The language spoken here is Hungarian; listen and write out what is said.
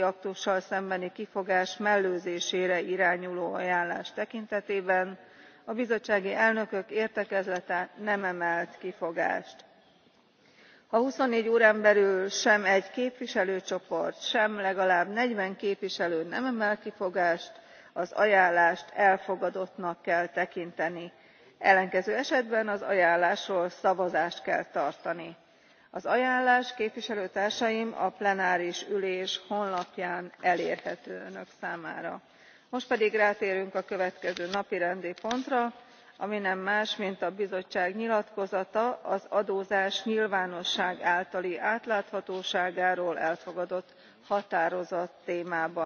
jogi aktussal szembeni kifogás mellőzésére irányuló ajánlás tekintetében a bizottsági elnökök értekezlete nem emelt kifogást. ha twenty four órán belül sem egy képviselőcsoport sem legalább forty képviselő nem emel kifogást az ajánlást elfogadottnak kell tekinteni ellenkező esetben az ajánlásról szavazást kell tartani az ajánlás képviselőtársaim a plenáris ülés honlapján elérhető önök számára. most pedig rátérünk a következő napirendi pontra ami nem más mint a bizottság nyilatkozata az adózás nyilvánosság általi átláthatóságáról elfogadott határozat témában.